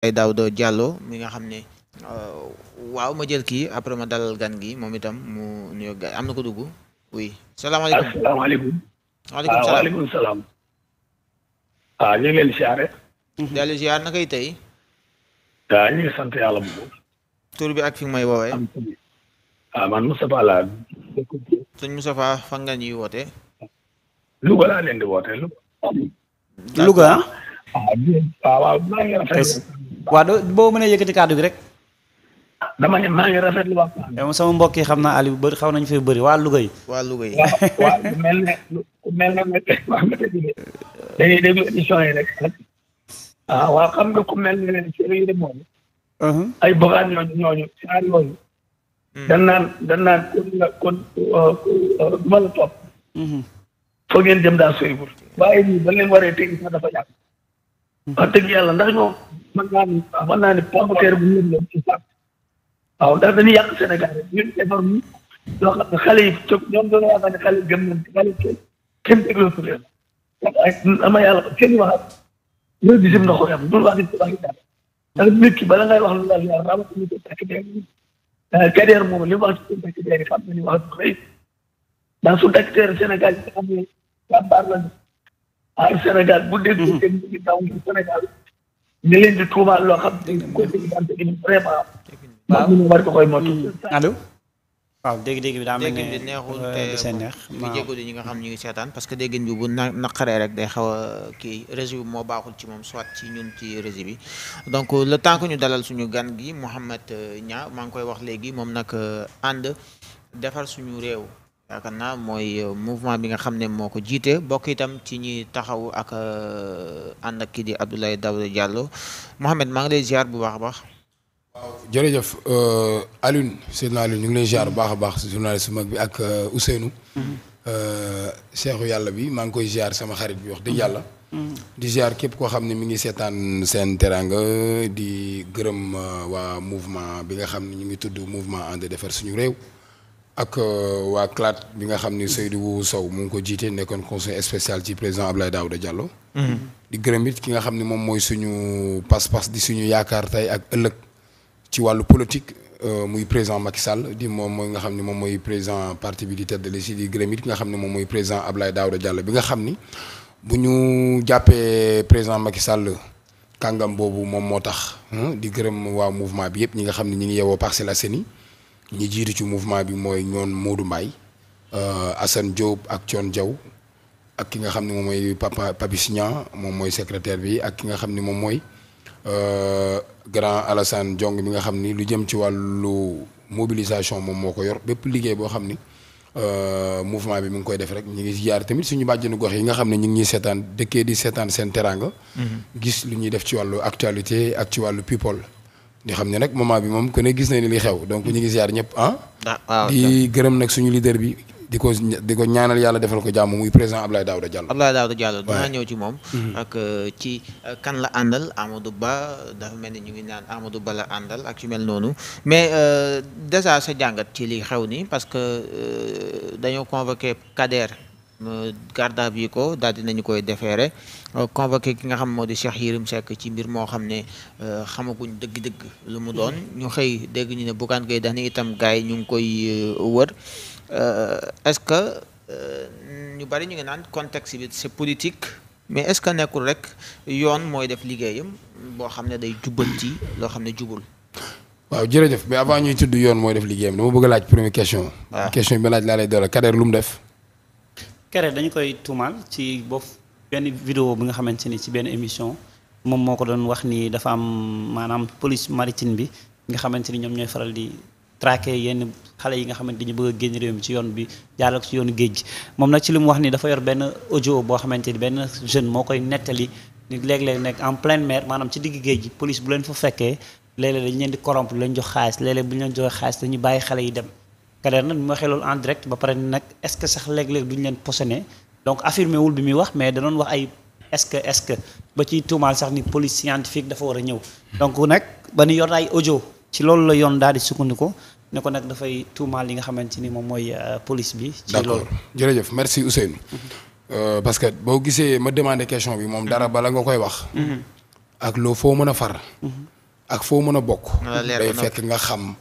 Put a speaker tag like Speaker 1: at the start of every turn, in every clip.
Speaker 1: ay Daouda Diallo mi nga xam ne euh, waaw ma jël kii après ma dal gan gi moom itam mu nuyoo gaa am na ko dugg oui salaamaaleykum asalaamaaleykum
Speaker 2: waaleykum ah, salaam waaleykum waaw
Speaker 1: ah, ñu ngi leen siyaare mm-hmm. dellu siyaar na koy tey waaw ah, ñu ngi tur bi ak fi may woowee man Moustapha laa sëñ Moustapha fan nga ñuy woote Louga laa leen
Speaker 2: di woote Louga waa doo boo mënee yëkkati kàddu gi rek.
Speaker 1: dama ne maa ngi rafetlu
Speaker 2: waxtaan bi. Eh, sama mbokk yi xam naa Aliou bëri xaw nañu fee bëri waa Louga yi. yi
Speaker 1: waaw ne
Speaker 3: waaw ah, xam nga ku mel ne ci réew moom. ay bogaan ñooñu ñooñu saa yooyu. Hmm. dan naan dan kon la uh, uh, la topp. Uh-huh. foo ngeen jëm daa soriwul. waaye nii ba leen waree tegi sax dafa yàgg. Uh-huh. wax dëgg yàlla ndax ñoom mën naa ni waaw naa ni pomme terre bu ñëw ñëw dañuy yàq Sénégal rek ñun defar ñu loo xam xale yi cëpp ñoom dañoo yaakaar ne xale yi kenn wax dama yàlla kenn waxaat loolu na ko yam wax di wax di ki bala ngay wax lu la yàlla ramat ñu ko takk deer kadeer euh, mu wax ci takk deer yi xam na ni wax du rëy ndax su takk deer Sénégal yi nga xam ne Sénégal bu dégg dégg ñu Sénégal ni leen di tuumaal loo xam ne ko dégg vraiment. waaw ñu war ko koy motu.
Speaker 1: allo. waaw dégg-dégg neexul euh, te ñi nga xam ñu ngi seetaan parce que déggin bi bu na naqaree rek day xaw a kii réseau bi moo baaxul ci moom soit ci ñun ci réseau bi donc le temps ñu dalal suñu gan gi Mouhamed euh, Niang maa ngi koy wax léegi moom nag euh, ànd defar suñu réew yaakaar naa mooy euh, mouvement bi nga xam ne moo ko jiitee bokk itam ci ñi taxaw ak euh, ànd ak kii di Abdoulaye Daouda Diallo Mohamed maa ngi lay ziar bu baax a baax.
Speaker 3: waaw jërëjëf euh, Alioune Seydina Alioune ñu ngi lay ziar bu baax a baax si journaliste mag bi ak Ousseynou. seexu yàlla bi maa ngi koy ziar sama xarit bi wax dëgg yàlla. di ziar képp koo xam ne mi ngi seetaan seen teraanga di gërëm waa mouvement bi nga xam ne ñu ngi tudd mouvement ànd defar suñu réew. ak euh, waa CLAT bi nga xam ni Seydou Sow mu ngi ko jiitee nekkoon conseil spécial ci président Abdoulaye Daouda Diallo. Mm-hmm. di gërëm it ki nga xam ni moom mooy suñu pas-pas di suñu yaakaar tey ak ëllëg ci wàllu politique euh, muy président Macky Sall di moom mooy nga xam ni moom mooy président parti bi di tête de liste di gërëm nga xam ni moom mooy président Abdoulaye a Diallo bi nga xam ni bu ñu jàppee président Macky Sall. kàngam boobu moom moo tax di gërëm waa mouvement bi yëpp ñi nga xam ne ñi ngi yeewoo Parcelles Assainies ñi jiitu ci mouvement bi mooy ñoon moodu Mbaye euh, Assane Diop ak Thion Diaw ak ki nga xam ne moom mooy papa Papi Signan moom mooy secrétaire bi ak ki nga xam ni moom mooy euh, grand Alassane jong bi nga xam ni lu jëm ci wàllu mobilisation moom moo ko yor bépp liggéey boo xam ni euh, mouvement bi mu ngi koy def rek ñu ngi jaar tamit suñu bàjjenu gox yi nga xam ne ñu ngi ñuy seetaan dëkkee di seetaan seen teraanga. Mm-hmm. gis lu ñuy def ci wàllu actualité ak ci wàllu people. di xam ne nag moment bi moom ku ne gis na ni li xew donc ñu ngi ziar ñëpp ah. ah di gërëm nag suñu leader bi. di ko di ko ñaanal yàlla defal ko jàmm muy président Abdoulaye Daouda Diallo.
Speaker 1: Abdoulaye Daouda Diallo dinaa ñëw ci moom. Mhm. ak euh, ci euh, kan la àndal Amadou Ba dafa mel ni ñu ngi naan Amadou Ba la àndal ak ci mel noonu mais euh, déjà sa jàngat ci li xew nii parce que dañoo convoqué Kader. Euh, garde à vue ko daal nañu koy defeere euh, convoqué ki nga xam moo di Cheikh Yérim sekk ci mbir moo xam ne euh, xamaguñ dëgg-dëgg lu mu doon mm-hmm. ñu xëy dégg ñu ne Bougane Gueye Dany itam gars yi ñu ngi koy wër est-ce que ñu bari ñu ngi naan contexte bi c'est politique mais est-ce que nekkul rek yoon mooy def liggéeyam boo xam ne day jubbanti loo xam ne jubul
Speaker 3: waaw jërëjëf mais avant ñuy tudd yoon mooy def liggéeyam dama bëgg laaj première question ah. question bi ma laaj laa lay doole Kader lu mu def
Speaker 2: kere dañu koy tuumaal ci boof benn video bi nga xamante ni ci benn émission moom moo ko doon wax nii dafa am maanaam police maritime bi nga xamante ni ñoom ñooy faral di traqué yenn xale yi nga xamante ni ñu bëgg a génn réew mi ci yoon bi jaaral ko ci yoonu géej gi moom nag ci li mu wax ni dafa yor benn audio boo xamante ni benn jeune moo koy nettali ni léeg-léeg nekk en pleine mer maanaam ci digg géej gi police bu leen fa fekkee léeg-léeg dañu leen di corrompre jox xaalis léeg bu ñu leen joxee xaalis bàyyi xale yi dem Kader nag ma xeloon en direct ba pare nag est-ce que sax léeg-léeg duñu leen posonné donc affirmé bi muy wax mais da wax ay est-ce que est-ce que ba ciy tuumaal sax ni police scientifique dafa war a ñëw. donc nag ba ñu yor ay audio ci loolu la yoon daal di sukkandiku ne ko nag dafay tuumaal li nga xamante ni moom mooy euh, police bi. ci loolu
Speaker 3: d'accord jëf merci Ousseynou. Euh, que boo gisee ma demande question bi moom dara bala nga koy wax. Mm-hmm. ak loo foo mën a far. Mm-hmm. ak foo mën a bokk. day fekk nga xam.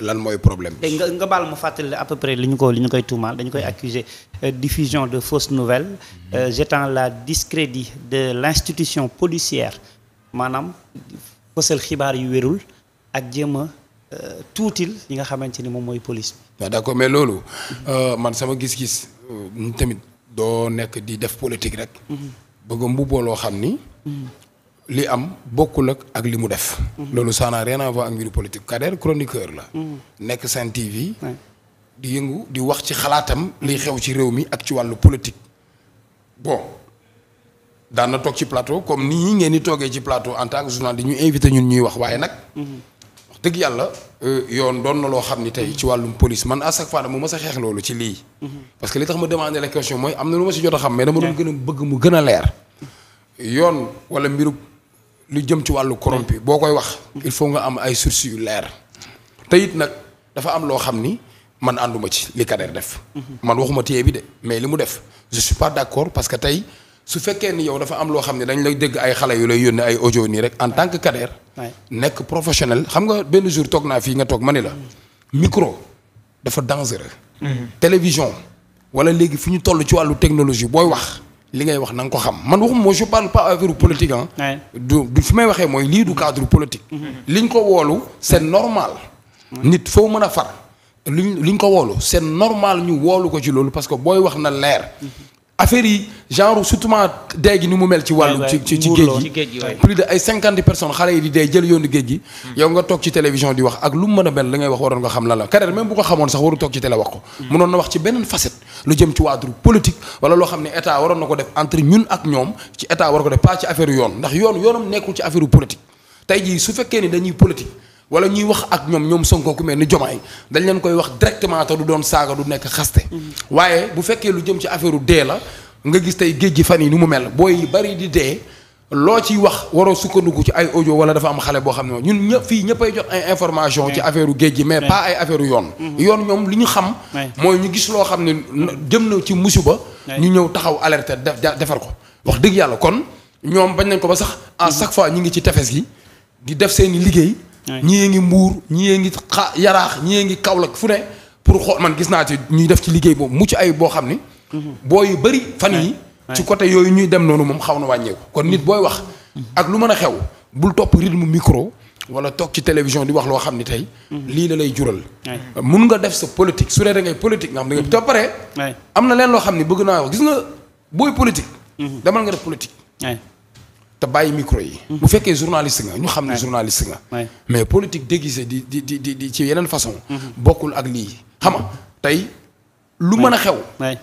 Speaker 3: lan mooy problème
Speaker 2: bi. nga nga baal ma fàttali à peu près li ñu ko li ñu koy tuumaal dañu koy accuser euh, diffusion de fausses nouvelles mm-hmm. euh, jetant la discrédit de l'institution policière maanaam fësal xibaar yu wérul ak jéem a euh, tuutil yi nga xamante ni moom mooy police bi. Ah, d'accord
Speaker 3: mais loolu man sama gis-gis tamit doo nekk di def politique rek. Mm-hmm. bëgg mbubboo loo xam ni. Mm-hmm. li am bokkul ak li mu def. Mhm. loolu ça n'a rien à voir ak mbiru politique Kader chroniqueur la. Mhm. nekk Sen TV. di yëngu di wax ci xalaatam liy xew ci réew mi ak ci wàllu politique. bon daan na toog ci plateau comme nii ngeen di toogee ci plateau en tant que di ñu invité ñun ñuy wax waaye nag. Mhm. wax dëgg yàlla euh, yoon doon na loo xam ni tey ci wàllum police man à chaque fois dama mës a xeex loolu ci lii. parce que li tax ma demandé la question mooy am na lu ma si jot a xam mais dama doon gën a bëgg mu gën a leer. wala mbiru lu jëm ci wàllu corrompu boo koy wax. il faut nga am ay sources yu leer. te it nag dafa am loo xam ni man ànduma ci li Kader def. man waxuma téye bi de mais li mu def je suis pas d'accord parce que tey su fekkee ni yow dafa am loo xam ne dañ lay dégg ay xale yu lay yónnee ay audio nii rek en tant que Kader. nekk professionnel xam nga benn jour toog naa fii nga toog ma ni la. micro dafa dangereux. Mhm. télévision wala léegi fu ñu toll ci wàllu technologie booy wax. li ngay wax na ko xam man waxuma je parle pas affaire politique ah. du du may waxee mooy lii du cadre politique. Mm-hmm. liñ ko woolu seen normal. nit foo mën a far. liñ liñ ko woolu seen normal ñu woolu ko ci loolu parce que booy wax na leer. Mm-hmm. affaire yi genre surtout dee gi ni mu mel ci wàllu ci ci géej gi plus de ay cinquante personnes xale yi di dee jël yoonu géej gi hmm. yow nga toog ci télévision di wax ak lu mu a mel la ngay wax waroon nga xam lan la Kader même bu ko xamoon sax waru toog ci télé wax ko mënoon hmm. na wax ci beneen facette lu jëm ci wàllu politique wala loo xam ne état waroon na ko def entre ñun ak ñoom ci état war ko def pas ci affaire yoon ndax yoon yoonam nekkul ci affaire politique tey jii su fekkee wala ñuy wax ak ñoom ñoom Sonko ku mel ni Jomaay dañ leen koy wax directement te du doon saaga du nekk xaste mm-hmm. waaye bu fekkee lu jëm ci affaire dee la nga gis tey géej gi fan yi ni mu mel booy yi bari di dee loo ciy wax waroo sukkandiku ci ay ojo wala dafa am xale boo xam ne ñun ñëpp fii ñëppay jot ay information ci affaire géej gi mais pas ay affaire yoon mm-hmm. yoon ñoom li ñu xam mooy ñu gis loo xam ne jëm na ci musiba ñu ñëw taxaw alerter def defar ko wax dëgg yàlla kon ñoom bañ nañ ko ba sax à mm-hmm. chaque fois ñu ngi ci tefes gi di def seeni liggéey ñii ngi mbuur ñii ngi xa yaraax ñii ngi Kaolack fu ne pour xo man gis naa ci ñuy def ci liggéey boobu mucc ay boo xam ni. Mhm. booy yu bëri fan yi ci côté yooyu ñuy dem noonu moom xaw na wàññeeku. kon nit booy wax ak lu mën a xew bul topp rythme micro. wala toog ci télévision di wax loo xam ni tey. Mhm. lii la lay jural. mun nga def sa politique su dee da ngay nga xam ne. Mhm. te pare. am na leen loo xam ni bëgg naa wax gis nga booy politique. demal nga def politique. te bàyyi micro yi. bu fekkee journaliste nga ñu xam ne journaliste nga. mais politique déguisée di di di di ci yeneen façon. Mm-hmm. bokkul ak lii xam nga tey. lu mën a xew.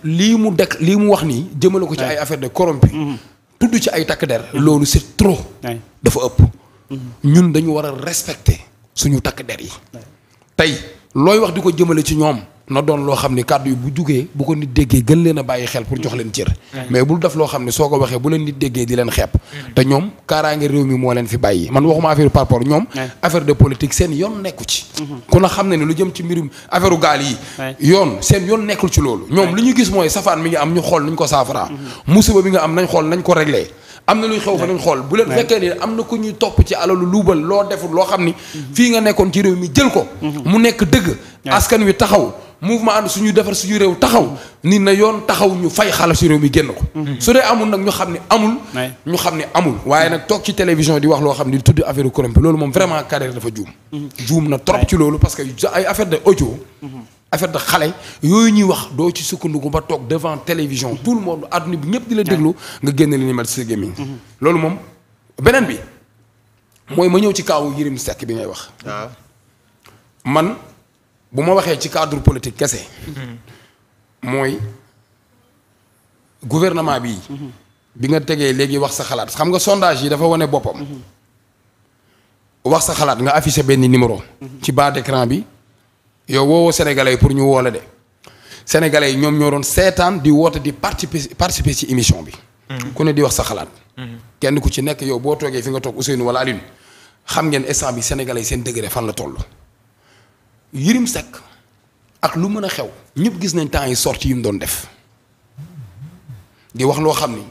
Speaker 3: lii mu dekk lii mu wax nii jëmale ko ci ay affaire de corrompu. Mm-hmm. tudd ci ay takk der. Mm-hmm. loolu c'est trop. dafa ëpp. ñun dañu war a respecter suñu takk der yi. tey looy wax di ko jëmale ci ñoom. na doon loo xam ni kàddu yi bu jugee bu ko nit déggee gën leen bàyyi xel pour jox leen cër mais bul def loo xam ne soo ko waxee bu leen nit déggee di leen xeeb te ñoom kaaraange réew mi moo leen fi bàyyi man waxuma affaire par rapport ñoom affaire de politique seen yoon nekku ci mhm. ku na xam ne ne lu jëm ci mbirum affaire gaal yi yoon seen yoon nekkul ci loolu ñoom li ñu gis mooy safaan mi ngi am ñu xool nañ ko saafaraa mhm. musiba bi nga am nañ xool nañ ko réglé am na luy xew fa nañ bu leen fekkee ni am na ku ñuy topp ci alalu luubal loo deful loo xam ni mhm. fii nga nekkoon ci réew mi jël ko mu nekk dëgg askan wi taxaw mouvement ànd suñu defar suñu réew taxaw nit na yoon taxaw ñu fay xaalis su réew mi génn ko mhm. su dee amul nag ñu xam ne amul ñu xam ne amul waaye nag toog ci télévision di wax loo xam ne di tudd affaire corrompu loolu moom vraiment carrière dafa juum mhm. juum na trop ci loolu parce que ay affaire de audio mhm. affaire de xale yooyu ñuy wax doo ci sukkandiku ba toog devant télévision tout le monde adduna bi ñëpp di la déglu nga génn li ni mel si gémmiñ loolu moom beneen bi mooy ma ñëw ci kaawu Yérim Seck bi ngay wax ah. man bu ma waxee ci cadre politique kese. mooy gouvernement bi. bi nga tegee léegi wax sa xalaat xam nga sondage yi dafa wane boppam. wax sa xalaat nga affiché benn numéro. ci bas d'écran bi yow woowoo sénégalais pour ñu woo la de sénégalais yi ñoom ñoo doon seetaan di woote di participer participer ci émission bi. ku ne di wax sa xalaat. kenn ku ci nekk yow boo toogee fi nga toog Ousseynou wala Alioune xam ngeen instant bi sénégalais seen degré fan la toll. Yérim Seck ak lu mën a xew ñëpp gis nañ temps yi sorti yi mu doon def di wax loo xam ni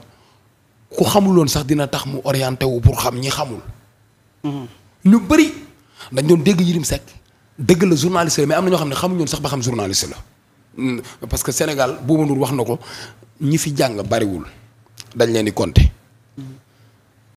Speaker 3: ku xamuloon sax dina tax mu orienté wu pour xam ñi xamul mm-hmm. ñu bëri dañ doon dégg Yérim Seck dëgg la journaliste la mais am na ñoo xam ne xamuñoon sax ba xam journaliste la mm, parce que Sénégal boobu Ndour wax na ko ñi fi jàng bariwul dañ leen di compter